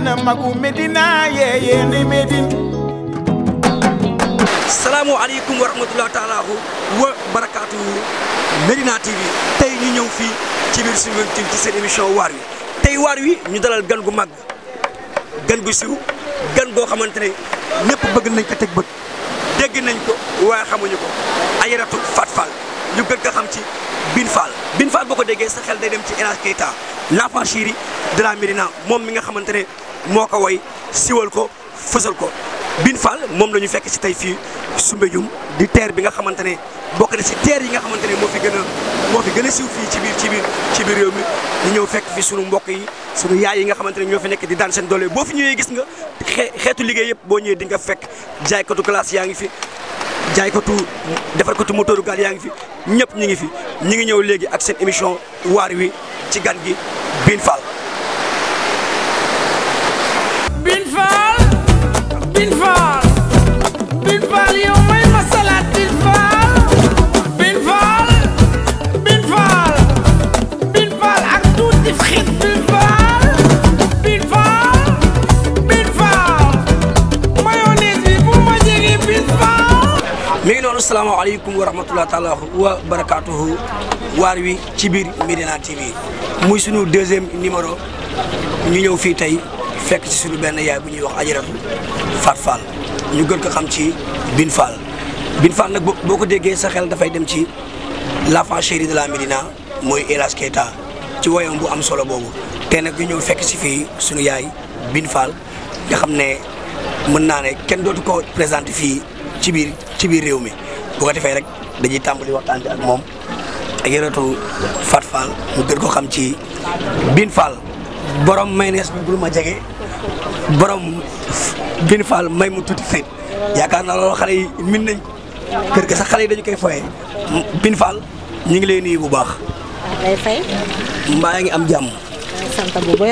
ana magu Medina yee yéene Medine. salaamualeykum wa rahmatulah taalaahu wa barakaatu Medina TV tey ñu ñëw fii ci biir suñu ci seen émission waar wi tey waar wi ñu dalal gan gu mag gan gu siw gan goo xamante ne ñëpp bëgg nañ ko teg bët dégg nañ ko waaye xamuñu ko Ajaratu Fat Fall ñu gën ko xam ci Bin Fall Bin boo ko déggee sa xel day dem ci El Hadj Keita l'enfant chéri Médina moom mi nga xamante ne moo ko woy siwal ko fësal ko biin Fall moom la ñu fekk si tey fii Soumbédioune di terre bi nga xamante ne bokk na si terre yi nga xamante ne moo fi gën a moo fi gën a siiw fii ci biir ci biir ci ñu ñëw fekk fi sunu mbokk yi sunu yaay yi nga xamante ne ñoo fi nekk di daan seen doole boo fi ñëwee gis nga xeetu liggéey yëpp boo ñëwee di nga fekk jaaykatu classe yaa ngi fi jaaykatu defarkatu motoru gaal yaa ngi fi ñëpp ñu ngi fi ñu ngi ñëw léegi ak seen émission waar wi ci gan gi Bin Fall kon salaamaaleykum wa rahmatulah taala wa barakaatuhu waar wi ci biir Médina TV muy sunu deuxième numéro ñu ñëw fii tey fekk ci sunu benn yaay bu ñuy wax ajaratu Fat Fall ñu gën ko xam ci Bine Fall Bine Fall nag boo ko déggee sa xel dafay dem ci l'enfant chéri de la Médina mooy El ci woyam bu am solo boobu te nag ñu ñëw fekk si fii sunu yaay Bine Fall nga xam ne mën naa ne kenn dootu ko présenté fii ci biir ci biir réew mi bu ko defee rek dañuy tàmbali waxtaan bi ak moom ak yëretu Fat Fall mu gën ko xam ci Bin Fall borom maynees bi bul ma jege borom Bin Fall may mu tuuti seen yaakaar naa loolu xale yi min nañ kër ga sax xale yi dañu koy foyee Bin Fall ñu ngi lay nuyu bu baax. lay ngi am jàmm. sant bu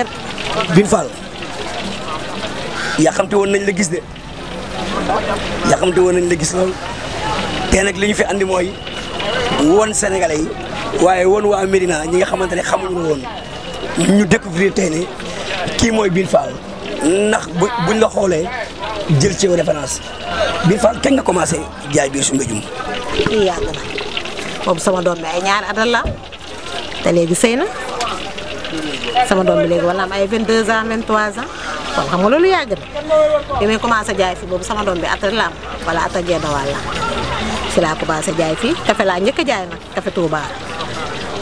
yaa xam te woon nañ la gis de yaa xam te woon nañ la gis lool. tey nag li ñu fi andi mooy won Sénégalais yi waaye won waa Médina ñi nga xamante ne xamuñu woon ñu découvrir tey ne kii mooy Bill Fall nax bu buñ la xoolee jël ci référence Bill Fall kañ nga commencé jaay biir suñu mbéjum. kii yàgg na moom sama doom bi ay ñaari at la te léegi sëy na sama doom bi léegi wala am ay 22 ans 23 an kon xam nga loolu yàgg na bi commencé jaay fi boobu sama doom bi at la am wala at ak genn fi laa commencé fii kafe laa njëkk jaay nag kafe Touba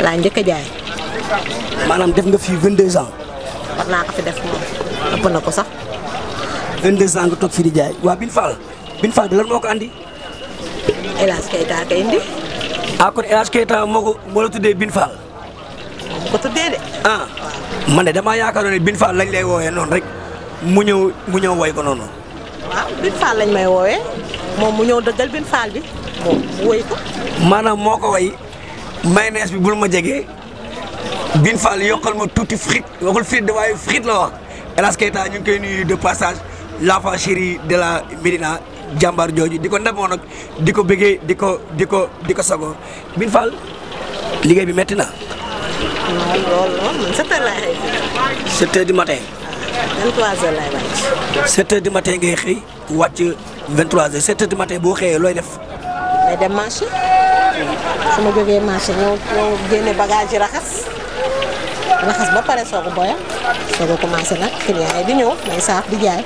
laa njëkk a jaay. maanaam def nga fii 22 ans. war naa ko fi def moom na ko sax. 22 ans nga toog fii di jaay waa Bine Fall Bine moo ko andi. El Hadj Keita kay ah, moo ko moo tuddee Bine Fall. moo ko tuddee de. ah man de damaa yaakaaroon ne lañ lay woowee noonu rek mu ñëw mu ñëw woy ko noonu. waaw Bine lañ may woowee moom mu ñëw dëggal Bine bi. moom woy ko. maanaam moo ko way mayonnaise bi bul ma jege bin faal yokkal ma tuuti frite waxul frite waaye frite la wax El Hadj Keita ñu ngi koy nuyu de passage l'enfant chéri de la Médina jàmbaar jooju di ko ndamoo nag di ko bëggee di ko di ko di ko sagoo bin faal liggéey bi metti na. waaw loolu noonu man 7 heures laay xëy. 7 heures du matin. 23 heures laay ngay xëy wàcc 23 heures 7 heures du matin boo xëyee looy def. day dem marché su ma jógee marché ñëw ñëw génne bagage yi raxas raxas ba pare soog a boyal soog a commencé nag client di ñëw may saaf di jaay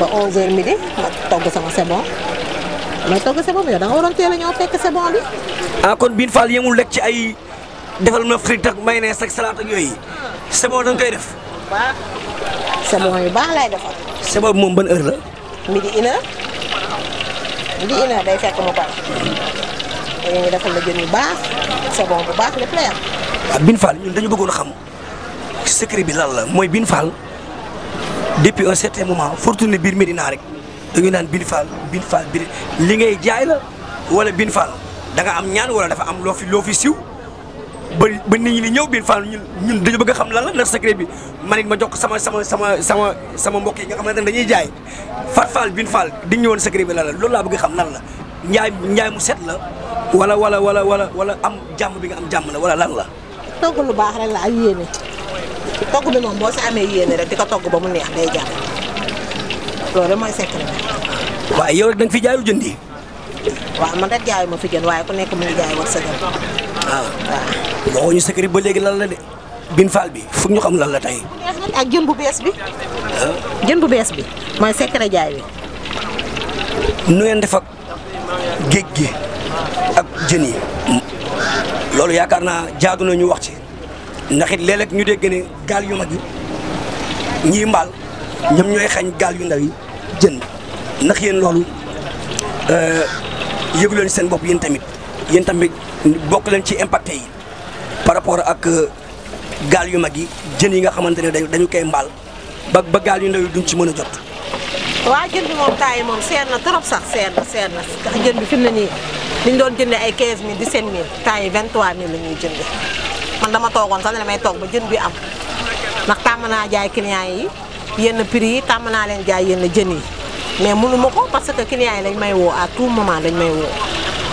ba 11h midi ma togg sama sebon may togg sebon bi yow da nga waroon teel a ah, kon biin Fall yemul rek ci ay defal ma frite ak mayonnaise ak salade ak yooyu sebon da nga koy def. sebon yu baax lay defal. sebon bi moom ban heure la. midi une heure. li ina day fekk mu pare dañu ñu defal la jën yu baax sobon bu baax lépp la yam waaw Bine ñun dañu bëggoon xam secret bi lan la ah, mooy Bine Fall depuis un certain moment fortune biir Médina rek dañuy naan Bine Fall bin Fall bi li ngay jaay la wala Bine Fall da nga am ñaan wala dafa am loo fi siw ba ba nit ñi di ñëw biir Fallou ñun ñun dañu bëgg a xam lan la ndax secret bi man it ma jox ko sama sama sama sama sama mbokk yi nga xamante ne dañuy jaay Fat Fall bin Fall di ñëwoon secret bi lan la loolu laa bëgg a xam lan la njaay njaay mu set la wala wala wala wala wala am jàmm bi nga am jàmm la wala lan la. togg lu baax rek la ak yéene togg bi moom boo si amee yéene rek di ko togg ba mu neex day jàmm loolu rek mooy secret bi. waaye yow rek da nga fi jaay lu jëndi. waaw man rek jaay ma fi jën waaye ku nekk mu ngi jaay war sa waaw waaw waxuñu secret ba léegi lan la de bin bi foog ñu xam lan la tey. ak jën bu bees bi. jën bu bees bi mooy secret jaay bi. nu ngeen def ak géej gi ak jën yi loolu yaakaar naa jaadu na ñu wax ci ndax it léeg ñu dégg ne gaal yu mag yi ñii mbaal ñoom ñooy xañ gaal yu ndaw yi jën ndax yéen loolu euh, yëgu leen seen bopp yéen tamit. yéen tamit bokk leen ci impacté yi par rapport ak euh, gaal yu mag yi jën yi nga xamante ne dañu dañu koy mbaal ba ba gaal yu ndaw yi duñ ci mën a jot. waa jën bi moom taay moom seer na trop sax seer na seer na ndax jën bi fi mu ne nii li ñu doon jëndee ay quinze 15000 17000 taay yi 23000 la ñuy jëndee man dama toogoon sax ne damay toog ba jën bi am ndax tàmm naa jaay clients yi yenn prix yi tàmm naa leen jaay yenn jën yi mais mënu ko parce que clients yi lañ may woo à tout moment dañ may woo.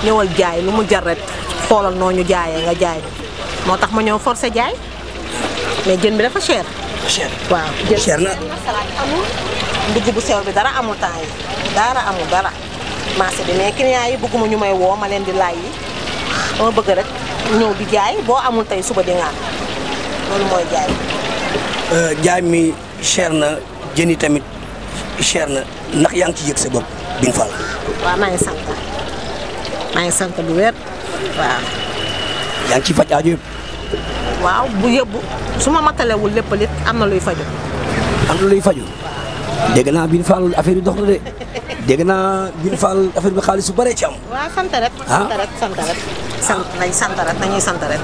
ñëwal jaay lu mu jar rek xoolal noo ñu jaayee nga jaay moo tax ma ñëw forcé jaay mais jën bi dafa cher. cher waaw jën na amul ndugg bu sew bi dara amul temps yi dara amul dara marché bi mais client yi bëgguma ñu may woo ma leen di laaj yi ma bëgg rek ñëw di jaay boo amul tey suba di nga am loolu mooy jaay. Euh, jaay mi cher na jën yi tamit cher na ndax yaa ngi ci yëg sa bopp bi nga waaw maa ngi maa ngi sant lu wér waaw. yaa ngi ciy faj aajo yëpp. waaw bu yëpp su ma matalewul lépp am na luy faju am na luy faju dégg naa biñ faal affaire yi dox na de dégg naa biñ faal affaire bi xaalis bu baree ci am. waaw sant rek. Ah? sant rek sant rek. sant nañ sant dañuy sant rek.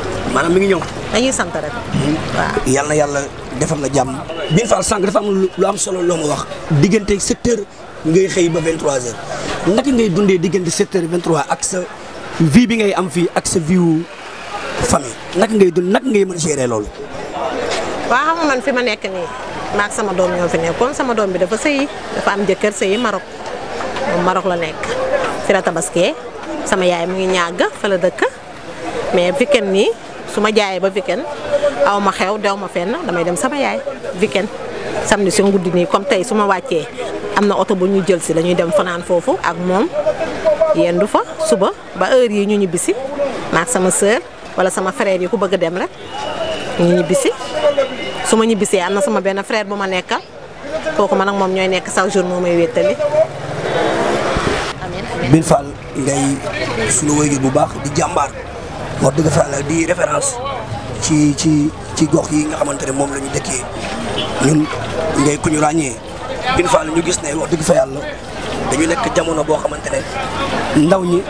mi ngi ñëw. dañuy sant rek. yal na yàlla defal la jàmm. biñ faal sànq dafa am lu am solo loo ma wax diggante secteur. ngay xëy ba 23h naka ngay dundee diggante 7h 23 ak sa vie bi ngay am fii ak sa vie wu famille naka ngay dund naka ngay mën gérer loolu. waaw xam nga man fi ma nekk nii maak sama doom ñoo fi nekkoon sama doom bi dafa sëyi dafa am jëkkër sëyi Maroc moom Maroc la nekk fi la tabaskee sama yaay mu ngi ñàgg fa la dëkk mais weekend nii su ma jaayee ba weekend aw ma xew dew ma fenn damay dem sama yaay weekend samedi si nguddi nii comme tey su ma wàccee am na oto bu ñu jël si dañuy dem fanaan foofu ak moom yendu fa suba ba heure yi ñu ñibbisi maak sama sœur wala sama frère yi ku bëgg dem rek ñu ñibbisi su ma ñibbisee am na sama benn frère bu ma nekkal ko ma nag moom ñooy nekk chaque jour moo may wéttali. Mbine Fall ngay sunu wayjur bu baax di jàmbaar wax dëgg fa la di ci ci ci gox yi nga xamante ne moom lañu ñu dëkkee ñun ngay ku ñu ràññee. une fois ñu gis ne wax dëgg fa yàlla dañu nekk jamono boo xamante ne ndaw ñi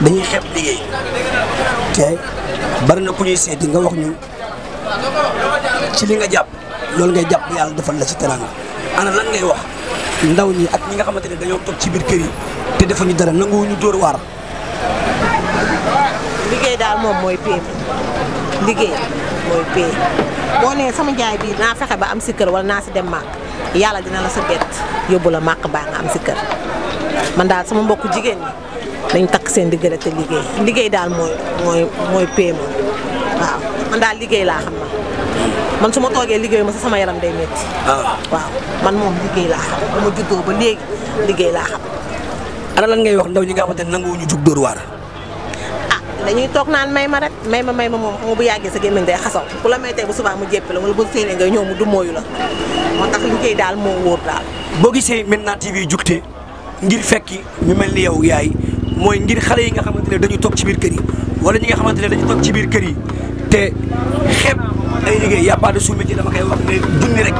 dañuy xeeb liggéey te bari na ku ñuy seeti nga wax ñu ci li nga jàpp loolu ngay jàpp yàlla defal la ci teraanga ana lan ngay wax ndaw ñi ak ñi nga xamante ne dañoo toog ci biir kër yi te defuñu dara ñu dóor waar liggéey daal moom mooy liggéey mooy pay boo nee sama jaay bii naa fexe ba am si kër wala naa si dem màkk yàlla dina la sa bett yóbbu la màkk baa nga am si kër man daal sama mbokku jigéen ñi dañ takk seen diggante te liggéey liggéey daal mooy mooy mooy pay moom waaw man daal liggéey laa xam na man su ma toogee liggéey ma sa sama yaram day métti ah. waaw man moom liggéey laa xam ba ma juddoo ba léegi liggéey laa xam ngay wax ndaw ñi nga xamante ne nanguwuñu jug dóor waar dañuy toog naan may ma rek may ma may ma moom xam bu yàggee sa gémmiñ day xasaw ku la may tey bu subaa mu jéppi la wala la moo tax li koy daal moo wóor daal boo gisee Médina TV jugte ngir fekki ñu mel ni yow yaay mooy ngir xale yi nga xamante ne dañu toog ci biir kër yi wala ñi nga xamante ne dañu toog ci biir kër yi te xeeb ay liggéey y a pas de dama koy wax ne junni rek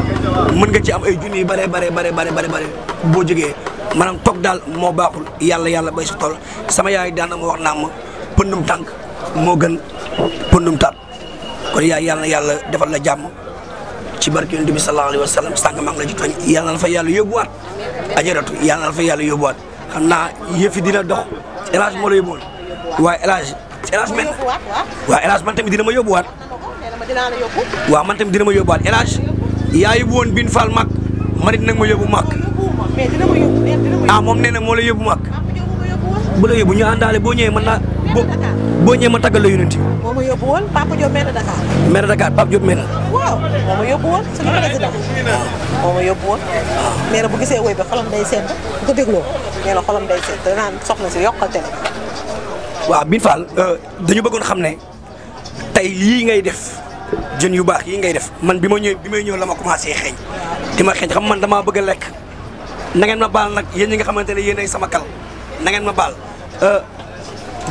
mën nga ci am ay junni yu bare bare bare bare bare bare boo jógee maanaam toog daal moo baaxul yàlla yàlla bay su tool sama yaay daana ma wax naa ma pëndum tànk moo gën pëndum ta kon yaay yàlla na yàlla defal la jàmm ci barke yonent bi sallallahu alayhi wa sallam sànq maa la ci tooñ yàlla na fa yàlla yóbbuwaat ajaratu yàlla na fa yàlla yóbbuwaat xam naa yëfi dina dox El Hadj moo la yóbbuwoon waaye El Hadj El Hadj mel man tamit dina ma yóbbuwaat waaw man tamit dina ma yóbbuwaat El yaa yóbbuwoon Bin Fall mag man it ma yóbbu mag ah moom nee moo la yóbbu mag ah, bu yóbbu ñu àndaale boo ñëwee mën naa boo boo ñëwee ma tàggal la yonent bi. moo ma yóbbu woon Papa Diop maire de Dakar. maire de Papa Diop maire. waaw moo ma yóbbu woon suñu président. moo ma yóbbu woon. waaw nee bu gisee woy bi xolam day sedd bu ko dégloo nee na xolam day sedd danaan soxna si yokkal télé. waa Bine Fall euh, dañu bëggoon xam ne tey yii ngay def jën yu baax yii ngay def man bi ma ñëw bi may ñëw la ma commencé xeeñ. di ma xeeñ xam man damaa bëgg a lekk na ngeen ma baal nag yéen ñi nga xamante ne yéen ay sama kal na ma baal. Euh,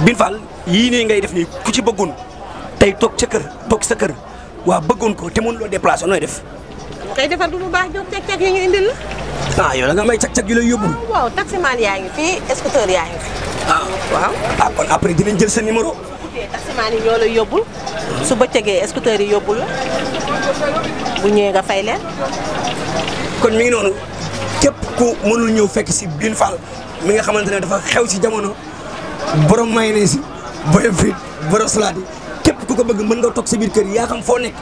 Bine Fall yii nii ngay def nii ku ci bëggoon tey toog ca kër toog sa kër waa bëggoon ko te mënuloo déplacé nooy def. tey defar du bu baax jóg càq càq yi nga indil la. Ah, may càq càq yu lay yóbbu. waaw taximan yaa ngi fi scooter yaa ngi fi. ah waaw. ah dinañ jël sa numéro. taximan yi ñoo lay yóbbul su bëccëgee scooter yi yóbbul bu ñëwee nga fay leen. kon mi ngi noonu képp ku mënul ñëw fekk si Bine Fall mi nga xamante ne dafa xew si jamono. borom mayonnaise yi borom frites borom salade yi képp ku ko bëgg mën nga toog sa biir kër yaa xam foo nekk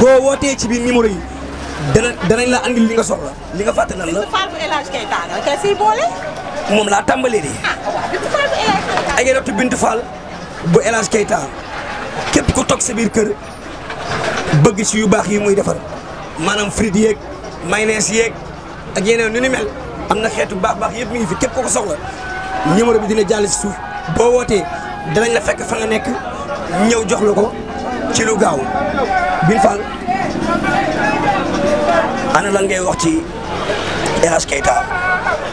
boo wootee ci biir numéro yi dana danañ la andil li nga soxla li nga fàtte nan la. moom laa tàmbalee de. ah waaw bintu bintu Fall bu El Hadj Keita képp ku toog sa biir kër bëgg ci yu baax yi muy defar maanaam frites yeeg mayonnaise yeeg ak yeneen nu ni mel am na xeetu baax baax yëpp mi ngi fi képp ku ko soxla numéro bi dina jàll ci suuf. boo wootee danañ la fekk fa nga nekk ñëw jox la ko ci lu gaaw Bine Fall ana lan ngay wax ci El Hadj Keita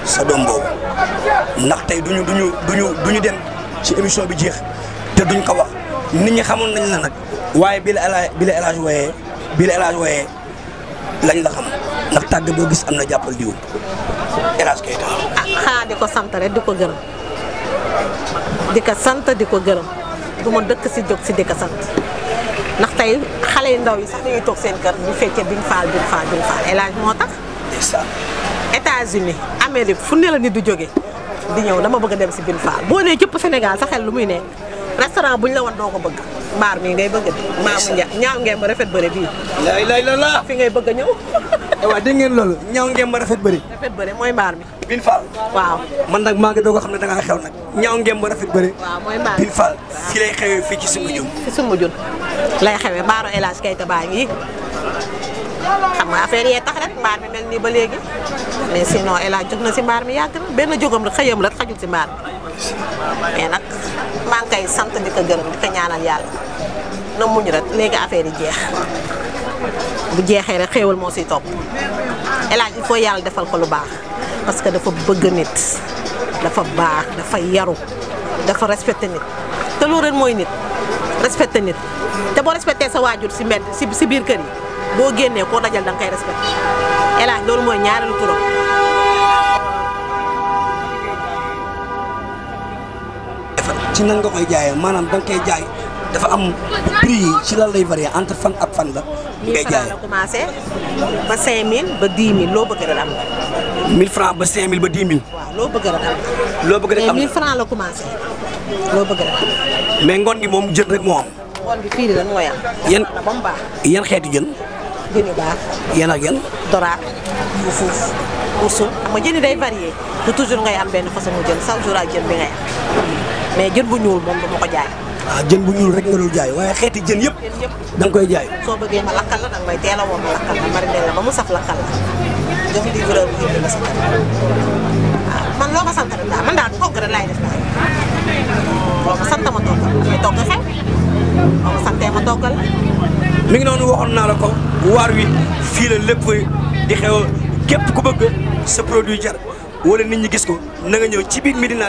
sa doom boobu ndax tey duñu duñu duñu dem ci émission bi jeex te duñ ko wax ñi xamoon nañ la nag waaye bi la El bi la wooyee bi la El lañ la xam ndax tàgg boo gis am na jàppal diw El Hadj Keita. ah di ko sant rek di ko gërëm. di ko sant di ko gërëm du ma dëkk si jóg si di ko sant ndax tey xale yu ndaw yi sax dañuy toog seen kër bu fekkee biñ faal biñ faal biñ faal élage moo tax États-Unis Amérique fu ne la nit du jóge di ñëw dama bëgg a dem si biñ boo nee cëpp Sénégal sa xel lu muy nekk restaurant buñ la woon doo ko bëgg mbaar mi ngay bëgg di maamu ñaaw ngeen ba rafet bëre bii la la fi ngay bëgg a ñëw Eh, waaw dégg ngeen loolu ñaaw ngeen ba rafet bëri. mooy mbaar mi. Bin Fall. waaw man nag maa ngi doog a xam ne da xew nag ñaaw ngeen ba rafet bëri. waaw mooy mbaar Bin Fall fi lay xewee fii ci Soumbédioune. ci Soumbédioune lay xewe mbaaru El Hadj Keita baa ngi xam nga affaire yee tax rek mbaar mi mel nii ba léegi mais sinon El Hadj na si mbaar mi yàgg na benn jógam rek xëyam rek xajul si mbaar mi mais nag maa ngi sant di ko gërëm di ko ñaanal yàlla na muñ rek léegi affaire yi jeex. bu jeexee rek xéewal moo siy topp El Hadj yàlla defal ko lu baax parce que dafa bëgg nit dafa baax dafa yaru dafa respecté nit te loolu mooy nit respecté nit te boo respecté sa waajur si mbedd si si biir kër yi boo génnee koo dajal da nga koy respecté loolu mooy ñaareelu turam. ci nan nga koy jaayee maanaam da koy jaay dafa am prix yi ci lan lay varier entre fan ak. fan la. ngay jaayee 1000F la ba 5000 ba loo bëgg a am na. 1000F ba 5000 ba 10 000. waaw loo bëgg a am na. loo bëgg rek am na mais la commencé loo bëgg rek am mais ngoon gi moom jën rek moo am. ngoon gi fii rek mooy am. yan ba mu baax yan xeeti jën. jën yu baax. yan ak yan. doraat bu fuuf. mosul xam jën day varié du toujours ngay am benn jën chaque jour jën bi ngay mais jën bu ñuul moom du ma ko jaay. waaw ah, jën bu ñuul rek nga dul jaay waaye xeeti jën yëpp da nga koy jaay soo bëggee ma lakkal la danga may teel ma lakkal la ba mu saf la jox livreur bu ah, man loo ma sant rek daal man daal togg rek laay ma toggal damay ngi noonu waxoon naa la ko waar wi fii la lépp di xew képp ku bëgg sa produit jar wala nit ñi gis ko na ñëw ci biir Medina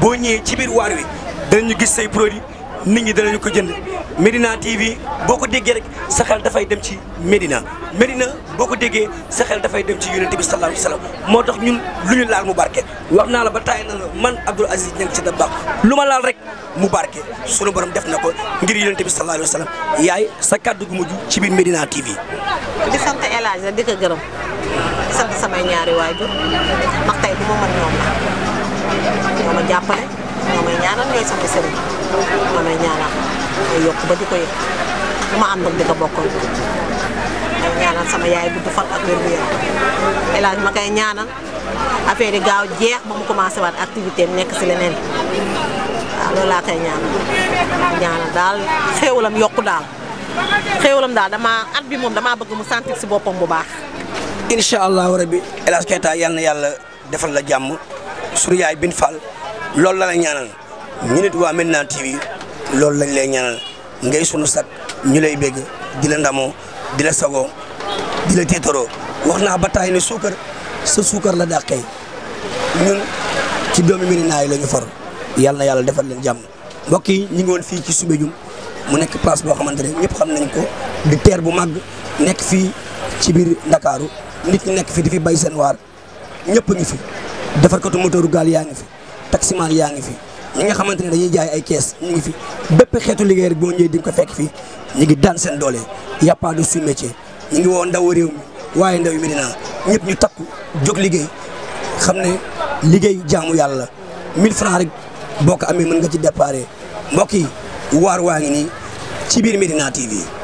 boo ñëwee ci biir waar wi danañu gis say produit nit ñi danañu ko jënd Medina TV boo ko déggee rek sa xel dafay dem ci Medina Medina boo ko déggee sa xel dafay dem ci yonent bi sallallahu alayhi wasallam moo tax ñun lu ñu laal mu barke wax naa la ba taay na la man Abdoul Aziz Niang ci da lu ma laal rek mu barke sunu borom def na ko ngir yonent bi sallallahu alayhi yaay sa kàddu gu mujj ci biir Medina TV. di sant El Hadj rek di ko samay ñaari waajur ndax tey ma mën ñoom la ma jàppale. nga may ñaanal ngay sama sëriñ nga may ñaanal ngay yokk ba di ko yëg bu ma àndal di ko bokkoon may ñaanal sama yaay gudd fan ak wér gu yaram Elhadj ma koy ñaanal affaire yi gaaw jeex ba mu commencé waat activité am nekk si leneen waaw loolu laa koy ñaanal ñaanal daal xéewalam yokk daal xéewalam daal damaa at bi moom damaa bëgg mu sentir si boppam bu baax. incha allahu rabi El Hadj Keita yal na yàlla defal la jàmm sunu yaay bin Fall. loolu la la ñaanal ñu nit waa Médina TV loolu lañ lay ñaanal ngay sunu sag ñu lay bégg di la ndamoo di la sagoo di la tiitaroo wax naa ba taay ne suukar sa suukar la dàqee ñun ci doomi Médina yi la ñu far yàlla na yàlla defal leen jàmm mbokk yi ñu ngi woon fii ci Soumbédioune mu nekk place boo xamante ne ñëpp xam nañ ko di terre bu màgg nekk fii ci biir Ndakaaru nit ñi nekk fii di fi bay seen waar ñëpp ngi fi defarkatu moteuru gaal yaa ngi fi taximan yaa ngi fi ñi nga xamante ne dañuy jaay ay kees ñu ngi fi bépp xeetu liggéey rek boo ñëwee di ko fekk fii ñu ngi daan doole y a pas de sous-métier ngi woo ndaw réew waaye ndaw yu Medina ñëpp ñu takku jóg liggéey xam ne liggéey jaamu yàlla mille 1000 francs rek boo ko amee mën nga ci déparé mbokk yi waar waa ngi nii ci biir Medina TV.